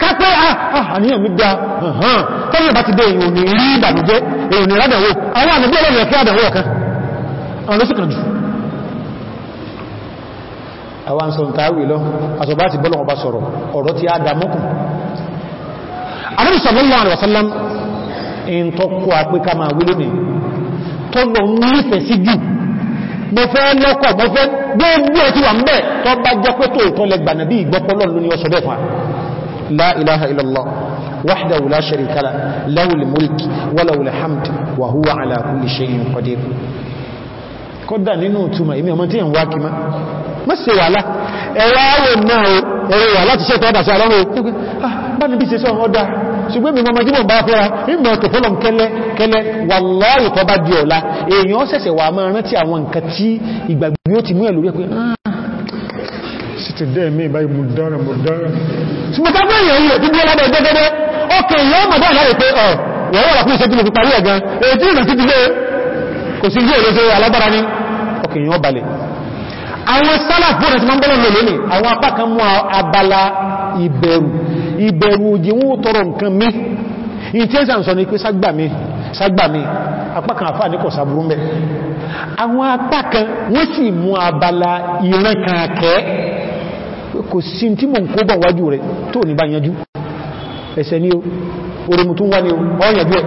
kápẹ́ ah, ah, àníyàn mi dá ọ̀hán tẹ́yìn bá ti dé èyàn ní rí ìbànújẹ́ èyàn ní rádàwó àwọn àmìbí ọlọ́rìn ẹ̀kẹ́ àdàwó ọ̀kan àwọn ló sì kàn jù àwọn sọ ìtàwì lọ àṣọ̀bá ti bọ́lọ̀ ọba sọ̀rọ̀ ọ̀rọ̀ ti á dámọ́kùn sallallahu alaihi wasallam in tó kó àpé ká máa wílé mi tó lọ nífẹ̀ẹ́ sí jù mo fẹ́ lọ́kọ̀ mo fẹ́ gbogbo ẹ̀ ti wà ń bẹ́ tó bá jẹ́ pé tó ìtàn lẹ gbànàbí ìgbọ́pọ̀lọ́ lóní ọsọ bẹ́ fún la ilaha illallah wahdahu la sharika lah lahul mulk wa lahul hamd wa huwa ala kulli ṣùgbọ́n mi mọ́mọ́ jímọ̀ bá fẹ́ra mímọ̀ tó fọ́lọ̀ kẹ́lẹ́ kẹ́lẹ́ wàláhì tó bá di ọ̀la èèyàn ṣẹ̀ṣẹ̀ wà máa rántí àwọn nǹkan tí ìgbàgbé ó ti mú ẹ̀lú wípé ah, ah, àwọn sálàfóòrẹ̀ tí wọ́n bọ́lọ̀ lò lónìí àwọn apá kan mú abala ìbẹ̀rù ìbẹ̀rù òjì wọ́n tọrọ nǹkan mí ìtẹ́sà ń sọ ní pé ságbà mí ságbà mí apákan àfáà ní kò sàbúrú mẹ́ àwọn apákan wọ́n sì mú abala ìran kan akẹ́ kò sí tí mọ̀ kó bọ̀ wájú rẹ̀ tó ní bá yanjú ẹsẹ̀ ní oremu tó wá ní ọ̀yànjú ẹ̀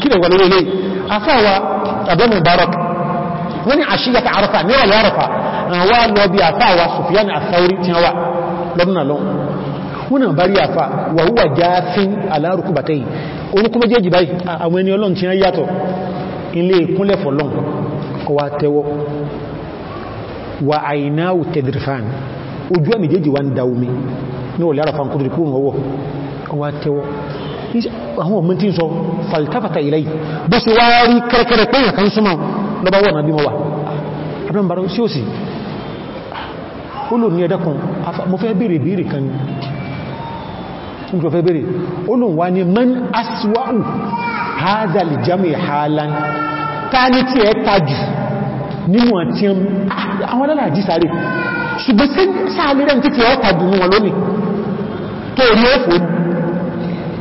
kí lẹ̀ wà lórí afáwa àbẹ́mù barak wọ́n ni àṣíyàta àrọ̀fà ní ọ̀lẹ́ àrọ̀fà àwọn lọ bí afáwa Sufyan àtàórí tí wọ́n wà lọ́dún àlọ́run wọ́n bá rí àfà wàhúwà jáfín alárùkúbàtẹ́yìn orúkú méjèèjì báyìí àwọn ẹni ọlọ́n tí a yàtọ̀ ilé ìkúnlẹ̀ fọ́lọ́n kọwa tẹwọ́ wà àìnáwò tẹ̀dìrìfàn ojú ẹ̀mẹ̀jèèjì wá ń da omi ní olè àràfà kúdùrìkú wọ́wọ́ kọwa tẹwọ́ àwọn ọmọ tí ń sọ faltafata ilẹ̀ bó ṣe wá rí kẹrẹkẹrẹ pé ìyàkan mo fẹ́ bèèrè bèèrè kan nígbà fẹ́ bèèrè olùwà ni man aswa'u hadal jami halan ta ní tí ẹ tajù nínú àti ah, àwọn alálàájí sáré ṣùgbọ́n sí sáàlẹ̀ rẹ̀ títí ọ tajù wọn lónìí tó rí ẹ́fò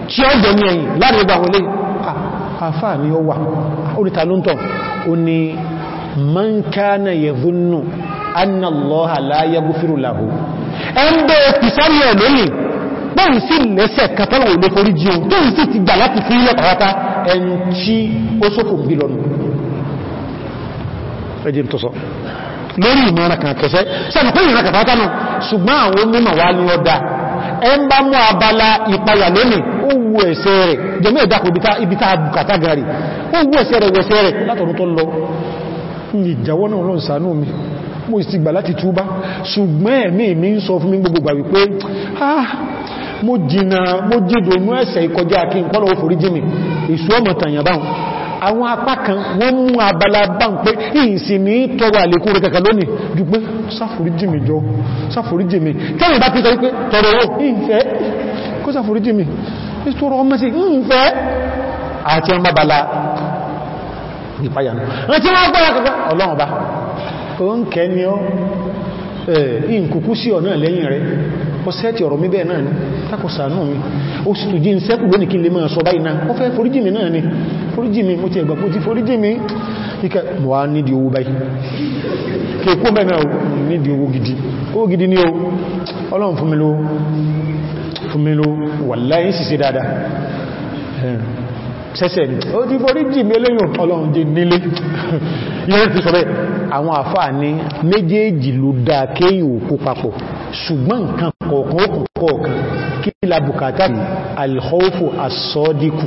tí ó jẹ ní ẹ̀yìn láàrin ọgbà wọlé ah, àfáà ni ah, ẹ̀ ń bẹ́ẹ̀ pìsánì lónìí tó ń sí lẹ́sẹ̀ katọ́lọ̀ olè forí jí ohun tó ń sí ti gbà láti fún ilẹ̀ pàwátá ẹn tí ó sófò bí lọ́nà ẹjẹ́ tó sọ lórí ìmọ̀ràn kan kẹsẹ́ sẹ́nà pé ìrìnà kàtàtà náà gari ó wu ẹ̀ṣẹ̀ rẹ̀ wẹ̀ṣẹ̀ rẹ̀ látọ̀rún tó lọ ní ìjàwọ́ náà lọ́n sàánú mi mo sì gbà láti túbá ṣùgbọ́n ẹ̀mí mi ń sọ fún mi gbogbo gbà wípé ah mo jìnà mo jìdò inú ẹ̀sẹ̀ ìkọjá kí n kọ́lọ̀ òfòrí jìmì ìṣú ọmọ tàyàn báhùn àwọn apá kan wọ́n mú abala bá ń pé ìsì ní tọrọ àlékún rẹ̀ kẹkẹ lónìí jù pé sáfòrí jìmì jọ sáfòrí jìmì tẹ́yìn bá ti sọ wípé tọrọ rọ̀ ìfẹ́ kó sáfòrí jìmì ìtọrọ ọmọ sí ìpáyànú rántí ni ó ìǹkùkú sí ọ̀nà lẹ́yìn rẹ̀ ó sẹ́ẹ̀tì ọ̀rọ̀ mi bẹ́ẹ̀ náà ni tako sàánú mi ó sì tùjí ń sẹ́kù lónìí kí lè máa sọ báyìí náà ó fẹ́ foríjì mi náà ni foríjì mi mo ti ẹ̀gbà fún ti foríjì mi ikẹ́ mọ̀ á nídi owó báyìí kèkó mẹ́rin náà nídi owó gidi owó gidi ní o ọlọ́run fún mi ló fún mi ló wàláyé sì sí dáadáa sẹ́sẹ̀ ní ó ti foríjì mi eléyìn ọlọ́run jẹ nílé yẹ́rẹ́ ti sọ bẹ́ẹ̀ àwọn àfáà ní méjèèjì ló dáa kéyìn òkú papọ̀ ṣùgbọ́n nǹkan kọ̀ọ̀kan ókùn kọ̀ọ̀kan kí la bùkátà ní alkhawfu asọ́díkù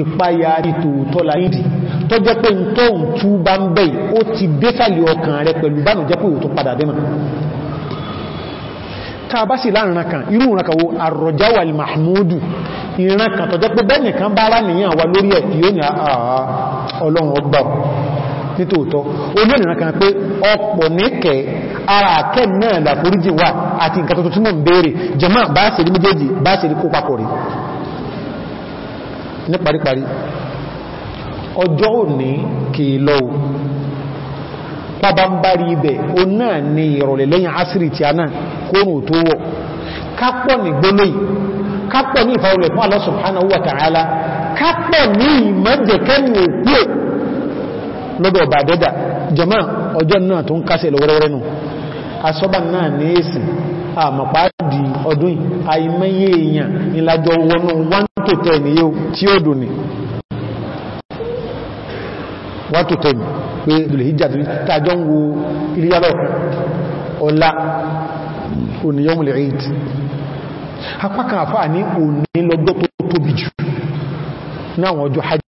ìpayà ìtòótọ́ la ìdí tó jẹ́ pé ń tó ń tú bá ń bẹ́ ó ti désàlẹ̀ ọkàn rẹ pẹ̀lú bánu jẹ́ pé ò tó padà dẹ́mà ta bá sì láàrin kan pé bẹ́ẹ̀ nìkan bá nìyàn wa lórí ẹ̀ yóò ní àà ọlọ́run ọgbà nítòótọ́ onírìnà kan pé ọ̀pọ̀ níkẹ̀ ara àkẹ́ náà làforíjì wà àti nǹkan tó túnmọ̀ béèrè jẹmọ́ bá ṣe rí méjèèjì bá ṣe rí kó papọ̀ rí ní paríparí ọjọ́ òní kìí lọ pàbá ibẹ̀ o náà ni ìrọ̀lẹ̀ lẹ́yìn asiri tí a náà kóòrùn tó wọ̀ kápọ̀ ní gbólé kápọ̀ ní ìfàwọlẹ̀ fún Allah subhanahu wa ta'ala kápọ̀ ní ìmọ́jẹ̀kẹ́ ní òpó lọ́dọ̀ ọba àdẹ́dà jọmọ́ ọjọ́ náà tó ń kásẹ̀ lọ́wọ́rẹ́wọ́rẹ́ nù asọ́bà náà ní èsì àmàpáàdì ọdún àìmẹ́yẹ èèyàn ìlàjọ wọnú 1 to 10 yíó tí ó dùn ní 1 to 10 pé ìdùlẹ̀ ìjàdì tàjọ ń wo ìrìyàlọ́ ọlá oníyọ́mùlẹ̀ tó tóbi ní àwọn ọjọ́ hajj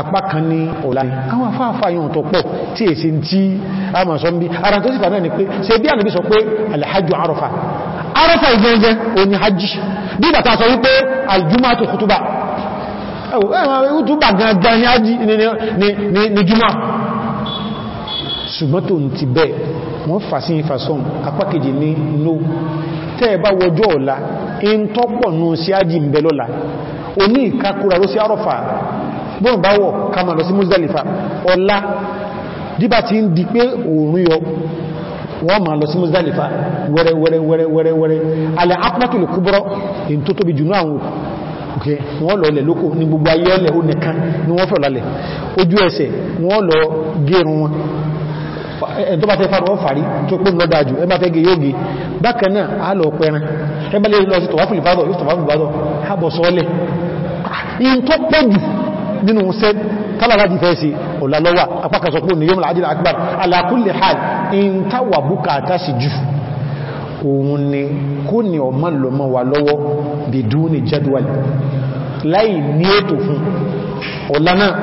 apákan ní ọ̀la ní àwọn afáàfà yóò tó pọ̀ tí èsì tí a mọ̀ sọ́mbí ara tó sì fà náà ni pé ṣe bí ànàbí sọ pé alhajju arafa arafa ìgbẹ́gbẹ́ oní hajj bí bàtà sọ wípé aljuma tó kútúbà kútúbà gangan ní hajj ní juma ṣùgbọ́n tó ti bẹ́ wọ́n fà sí ìfàsọ́n apákejì ní no tẹ́ẹ̀ bá wọjọ́ ọ̀la in tọ́pọ̀ nù sí hajj ń bẹ o ní ìkakúra ló sí àrọ̀fà bọ́n bá wọ̀ kama lọ sí Muzdalifa ọlá díbà tí ń di pé òòrùn yọ wọ́n ma lọ sí Muzdalifa wẹ́rẹ́ wẹ́rẹ́ wẹ́rẹ́ wẹ́rẹ́ wẹ́rẹ́ alẹ́ apnatul kúbọ́rọ́ in tó tóbi jùnú àwọn òkè wọ́n lọ ni wọ́n fẹ́ lọ lẹ̀ ojú tó bá fẹ́ fara wọ́n fàrí tó pín lọ dájú ẹ bá fẹ́ gẹ yóògì bákan náà a lọ pẹran ẹ bá lè lọ sí tọ̀wá fìlì fàdọ̀ yóò tọ̀wá fìlì fàdọ̀ àbọ̀ sọ́ọ́lẹ̀ ah, in tó pọ̀ jù nínú sẹ́ tálára ti fẹ́ sí ọ̀làlọ́wà apákasọ̀pọ̀ ní yọ́mùlá àjílá akbar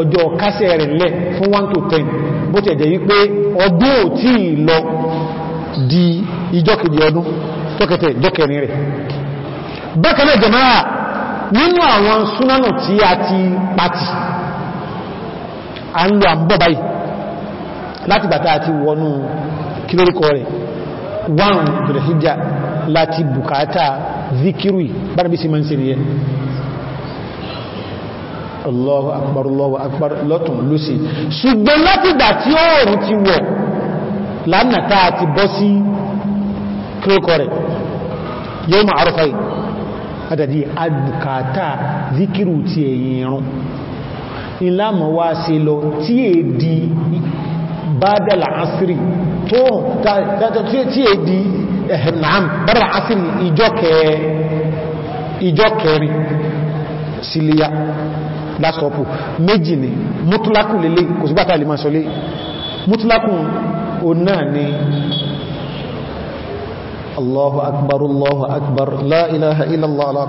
ọjọ́ kásẹ̀ rẹ̀ lẹ̀ fún 1 to 10 bó tẹ̀ jẹ́ wípé ọdún ò tí lọ di ìjọ́kejì ọdún tókẹtẹ̀ jọ́kẹrin rẹ̀ bákanáà jẹmáà nínú àwọn súnánà tí a ti pàtì a ń lo àbọ̀ báyìí láti bàtà àti wọnú kílórikọ rẹ̀ wọ́n Dhul Hijjah láti bukata zikiri bára bí sí mọ́ Allahu akbar Allahu akbar lọ́tún lóṣì ṣùgbọ́n látìgbà tí oòrùn ti wọ̀ lánàtà àti bọ́ sí kírókọrẹ̀ yóò mọ̀ àrọ́fà yìí adàdí àbùkátà zikiru ti ẹ̀yìn irun ìlàmọ̀ wá se lọ tí è di bádàlà asiri tó tí è di ẹ̀hẹ̀nàm eh, bádàlà asiri ìjọ kẹrin sílíyà lásọ̀pù méjì ni mútúlákù lélé kò sí gbátà lè máa sọlé mútúlákù o náà ni Allahu akbar Allahu akbar la ilaha illallah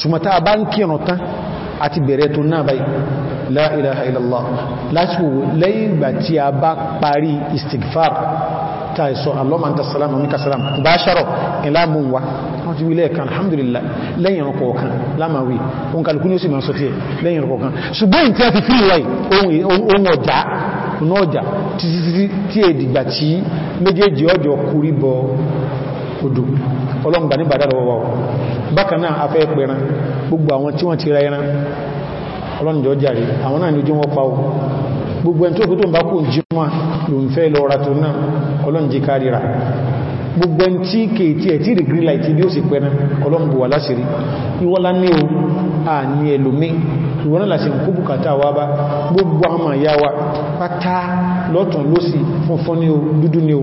ṣùgbọ́ta bá ń kírun tán àti bẹ̀rẹ̀ tó náà báyìí la ilaha illallah lásìkò lẹ́yìn ìgbà tí a bá parí istighfar ta ìsọ kan ti wílẹ̀ kan alhamdulillah lẹ́yìn ọkọ̀ ọ̀kan lámàwí ohun kàlùkú ní ó sì máa sọ tí ẹ lẹ́yìn ọkọ̀ ọ̀kan ṣùgbọ́n tí a ti fírí wáyé ohun ọjà ọ̀nà ọjà títí tí è dìgbà tí méjèèjì ọjọ́ kúrí bọ odò ọlọ́ngbà ní bàdá lọ́wọ́ bákan náà afẹ́ pẹran gbogbo àwọn tí wọ́n gbogbo ẹni tó kú tó ń bá kú jí wọn lòun fẹ́ lọ tó náà ọlọ́njẹ́ kárìíra gbogbo ẹn tí kèètì ẹ̀ tí rí green light bí ó sì pẹ́ran ọlọ́mùbù wà láṣìírí ìwọ́lá ní o a ní ẹlòmí ìwọ́n láti ń kó bùkátà wá bá gbogbo àmà ya wa pátá lọ́tún lósì funfun ní o ní o tí ní o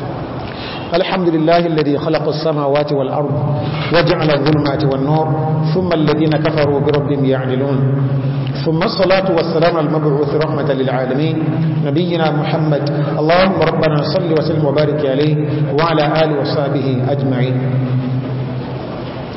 الحمد لله الذي خلق السماوات والأرض وجعل الظلمات والنور ثم الذين كفروا بربهم يعدلون ثم الصلاة والسلام المبعوث رحمة للعالمين نبينا محمد اللهم ربنا صل وسلم وبارك عليه وعلى آله وصحبه أجمعين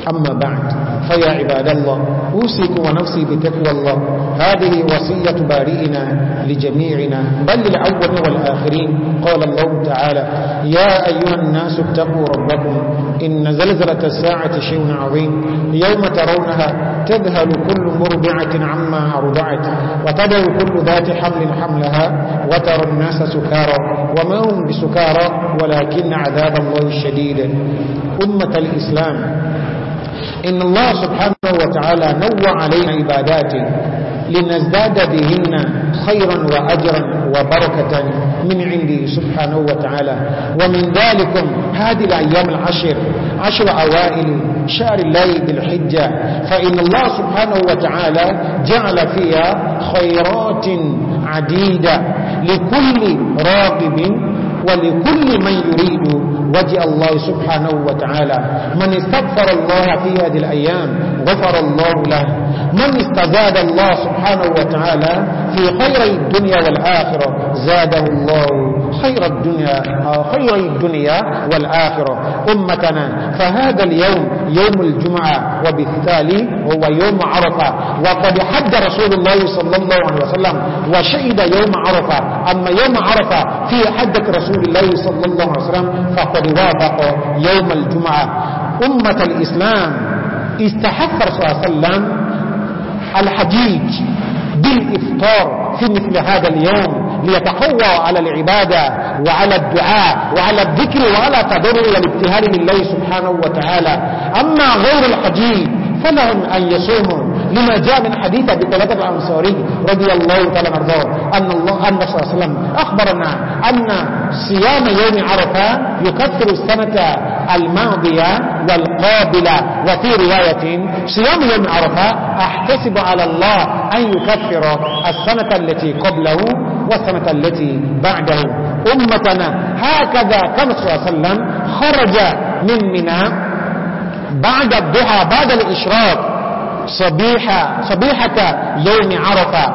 أما بعد فيا عباد الله أوسيكم ونفسي بتقوى الله هذه وصية بارئنا لجميعنا بل للأول والآخرين قال الله تعالى يا أيها الناس اتقوا ربكم إن زلزلة الساعة شيء عظيم يوم ترونها تذهل كل مربعة عما أرضعت وتدعو كل ذات حمل حملها وترى الناس سكارى وما هم بسكارى ولكن عذاب الله الشديد أمة الإسلام إن الله سبحانه وتعالى نوع علينا عباداته لنزداد بهن خيرا وأجرا وبركة من عنده سبحانه وتعالى ومن ذلك هذه الأيام العشر عشر أوائل شهر الله بالحجة فإن الله سبحانه وتعالى جعل فيها خيرات عديدة لكل راقب ولكل من يريد وجه الله سبحانه وتعالى من استغفر الله في هذه الأيام غفر الله له من استزاد الله سبحانه وتعالى في خير الدنيا والآخرة زاده الله خير الدنيا خير الدنيا والآخرة أمتنا فهذا اليوم يوم الجمعة وبالتالي هو يوم عرفة وقد حد رسول الله صلى الله عليه وسلم وشهد يوم عرفة أما يوم عرفة في حدة رسول الله صلى الله عليه وسلم فقد وافق يوم الجمعة أمة الإسلام استحف رسول الله صلى الله عليه وسلم الحجيج بالإفطار في مثل هذا اليوم ليتقوى على العبادة وعلى الدعاء وعلى الذكر وعلى تضرع والابتهال بالله سبحانه وتعالى أما غير الحجيج فلهم أن يصوموا لما جاء من حديث أبي طلبة الأنصاري رضي الله تعالى مرضاه أن الله أن صلى الله عليه وسلم أخبرنا أن صيام يوم عرفة يكثر السنة الماضية والقابلة وفي رواية صيام يوم عرفة أحتسب على الله أن يكثر السنة التي قبله والسنة التي بعده أمتنا هكذا كان صلى الله عليه وسلم خرج من منى بعد الضحى بعد الإشراق صبيحة, صبيحة يوم عرفة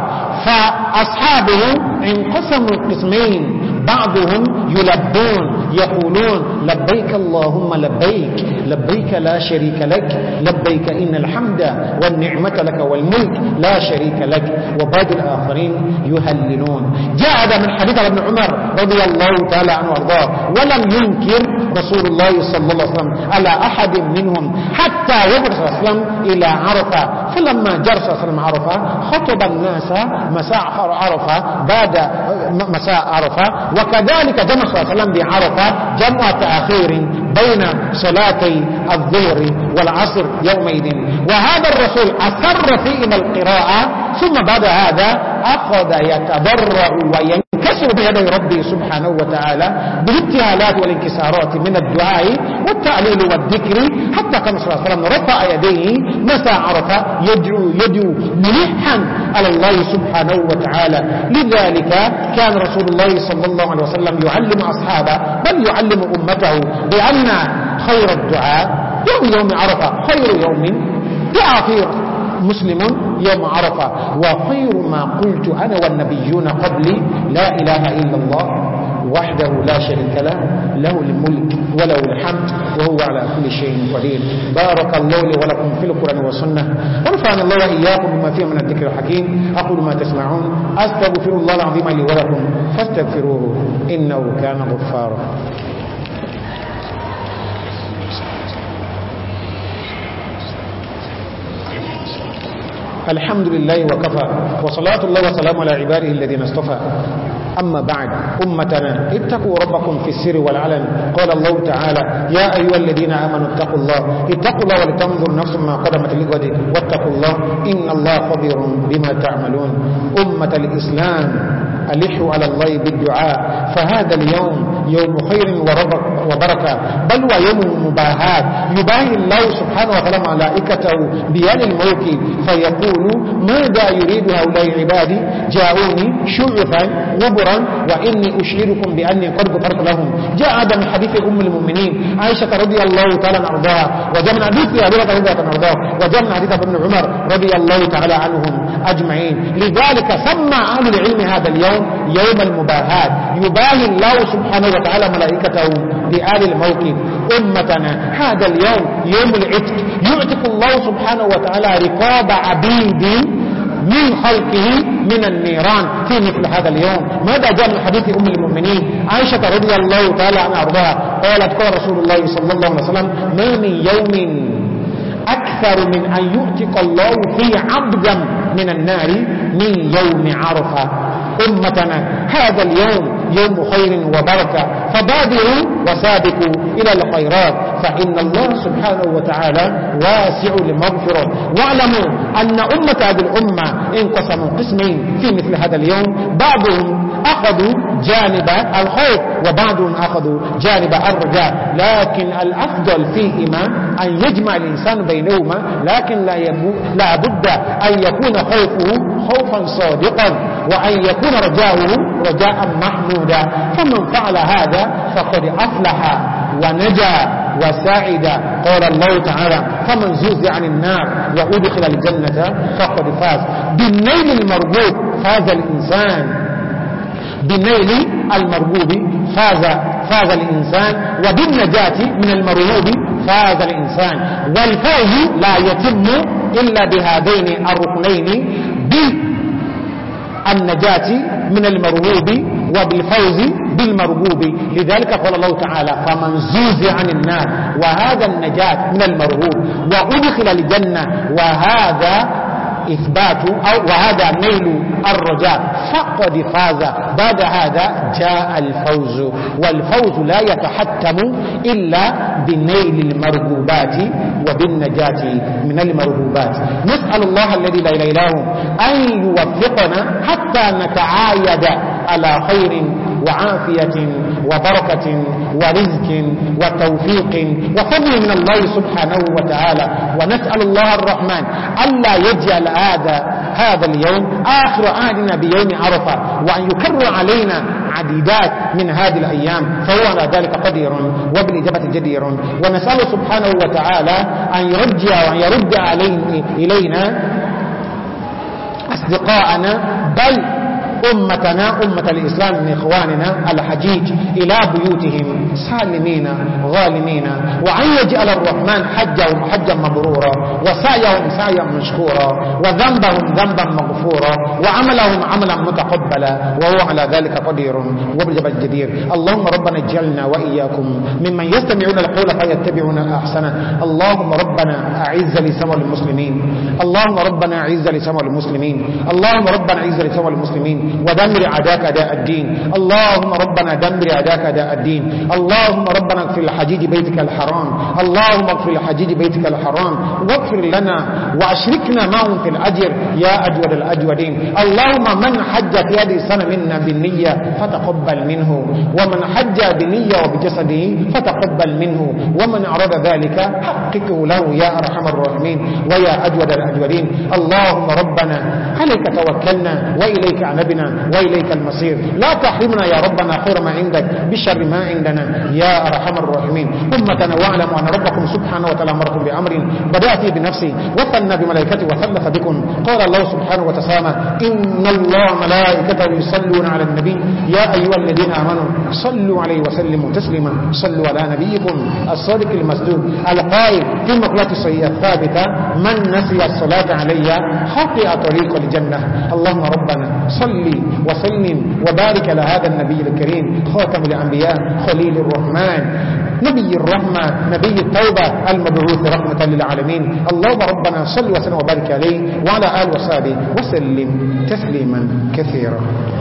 فأصحابه انقسموا قسمين بعضهم يلبون يقولون لبيك اللهم لبيك لبيك لا شريك لك لبيك إن الحمد والنعمة لك والملك لا شريك لك وبعد الآخرين يهللون جاء هذا من حديث ابن عمر رضي الله تعالى عنه وارضاه ولم ينكر رسول الله صلى الله عليه وسلم على أحد منهم حتى يبرس صلى الله عليه وسلم إلى عرفة فلما جرس صلى الله عليه وسلم عرفة خطب الناس مساء عرفة بعد مساء عرفة وكذلك جمع صلى الله عليه وسلم بعرفة جمع تأخير بين صلاتي الظهر والعصر يومئذ وهذا الرسول أثر فيهما القراءة ثم بعد هذا أخذ يتبرع وينكر ينكسر بيدي ربه سبحانه وتعالى بالابتهالات والانكسارات من الدعاء والتعليل والذكر حتى كان صلى الله عليه وسلم رفع يديه متى عرف يدعو يدعو ملحا على الله سبحانه وتعالى لذلك كان رسول الله صلى الله عليه وسلم يعلم أصحابه بل يعلم أمته بأن خير الدعاء يوم يوم عرفة خير يوم دعا فيه مسلم يوم عرفة وخير ما قلت أنا والنبيون قبلي لا إله إلا الله وحده لا شريك له له الملك وله الحمد وهو على كل شيء قدير بارك الله لي ولكم في القرآن والسنة ونفعنا الله وإياكم بما فيه من الذكر الحكيم أقول ما تسمعون أستغفر الله العظيم لي ولكم فاستغفروه إنه كان غفارا الحمد لله وكفى وصلاة الله وسلام على عباده الذين اصطفى أما بعد أمتنا اتقوا ربكم في السر والعلن قال الله تعالى يا أيها الذين آمنوا اتقوا الله اتقوا الله ولتنظر نفس ما قدمت لغد واتقوا الله إن الله خبير بما تعملون أمة الإسلام ألحوا على الله بالدعاء فهذا اليوم يوم خير وبركة بل ويوم مباهاة يباهي الله سبحانه وتعالى ملائكته بيان الملك فيقول ماذا يريد هؤلاء عبادي جاءوني شعفا غبرا وإني أشعركم بأني قد غفرت لهم جاء هذا من حديث أم المؤمنين عائشة رضي الله تعالى عنها وجاء من حديث أبي رضي الله وجاء من حديث ابن عمر رضي الله تعالى عنهم أجمعين لذلك سمى أهل العلم هذا اليوم يوم المباهات يباهي الله سبحانه وتعالى تعالى ملائكته لآل الموقف أمتنا هذا اليوم يوم العتق يعتق الله سبحانه وتعالى رقاب عبيد من خلقه من النيران في مثل هذا اليوم ماذا جاء من حديث أم المؤمنين عائشة رضي الله تعالى عنها أرضاها قالت قال رسول الله صلى الله عليه وسلم ما من يوم أكثر من أن يعتق الله فيه عبدا من النار من يوم عرفة أمتنا هذا اليوم يوم خير وبركة فبادروا وسابقوا إلى الخيرات فإن الله سبحانه وتعالى واسع لمغفرة واعلموا أن أمة هذه الأمة انقسموا قسمين في مثل هذا اليوم بعضهم أخذوا جانب الخوف وبعضهم أخذوا جانب الرجاء لكن الأفضل فيهما أن يجمع الإنسان بينهما لكن لا, لا بد أن يكون خوفه خوفا صادقا وأن يكون رجاؤه رجاء محمودا فمن فعل هذا فقد أفلح ونجا وساعد قال الله تعالى فمن زوز عن النار وأدخل الجنة فقد فاز بالنيل المرغوب فاز الإنسان بالنيل المرغوب فاز فاز الإنسان وبالنجاة من المرغوب فاز الإنسان والفوز لا يتم إلا بهذين الركنين بالنسبة النجاة من المرغوب وبالفوز بالمرغوب لذلك قال الله تعالى فمن زوز عن النار وهذا النجاة من المرغوب وأدخل الجنة وهذا إثبات أو وهذا نيل الرجاء فقد فاز بعد هذا جاء الفوز والفوز لا يتحتم إلا بنيل المرغوبات وبالنجاة من المرهوبات نسأل الله الذي لا إله إلا هو أن يوفقنا حتى نتعايد على خير وعافية وبركة ورزق وتوفيق وفضل من الله سبحانه وتعالى ونسأل الله الرحمن ألا يجعل هذا هذا اليوم آخر عهدنا بيوم عرفة وأن يكر علينا عديدات من هذه الأيام فهو على ذلك قدير وبالإجابة جدير ونسأله سبحانه وتعالى أن يرجع وأن يرد علينا إلينا أصدقاءنا بل أمتنا أمة الإسلام من إخواننا الحجيج إلى بيوتهم سالمين غالمين وأن يجعل الرحمن حجهم حجا مبرورا وسعيهم سعيا مشكورا وذنبهم ذنبا مغفورا وعملهم عملا متقبلا وهو على ذلك قدير وبجب الجدير اللهم ربنا اجعلنا وإياكم ممن يستمعون القول فيتبعون أحسنا اللهم ربنا أعز لسوى المسلمين اللهم ربنا أعز لسوى المسلمين اللهم ربنا أعز لسوى المسلمين ودمر عداك داء الدين اللهم ربنا دمر عداك داء الدين اللهم ربنا اغفر لحجيج بيتك الحرام اللهم اغفر لحجيج بيتك الحرام واغفر لنا وأشركنا معهم في الأجر يا أجود الأجودين اللهم من حج في هذه السنة منا بالنية فتقبل منه ومن حج بنية وبجسده فتقبل منه ومن أراد ذلك حققه له يا أرحم الراحمين ويا أجود الأجودين اللهم ربنا عليك توكلنا وإليك أنبنا وإليك المصير لا تحرمنا يا ربنا حرم عندك بشر ما عندنا يا أرحم الراحمين أمتنا وأعلم أن ربكم سبحانه وتعالى أمركم بأمر بدأت بنفسي وثنى بملائكته وثلث بكم قال الله سبحانه وتعالى إن الله ملائكته يصلون على النبي يا أيها الذين آمنوا صلوا عليه وسلموا تسليما صلوا على نبيكم الصادق المسدود القائل في مقلات الصيئة الثابتة من نسي الصلاة علي خطئ طريق الجنة اللهم ربنا صل وسلم وبارك على هذا النبي الكريم خاتم الأنبياء خليل الرحمن نبي الرحمة نبي التوبة المبعوث رحمة للعالمين اللهم ربنا صل وسلم وبارك عليه وعلى آل وصحبه وسلم تسليما كثيرا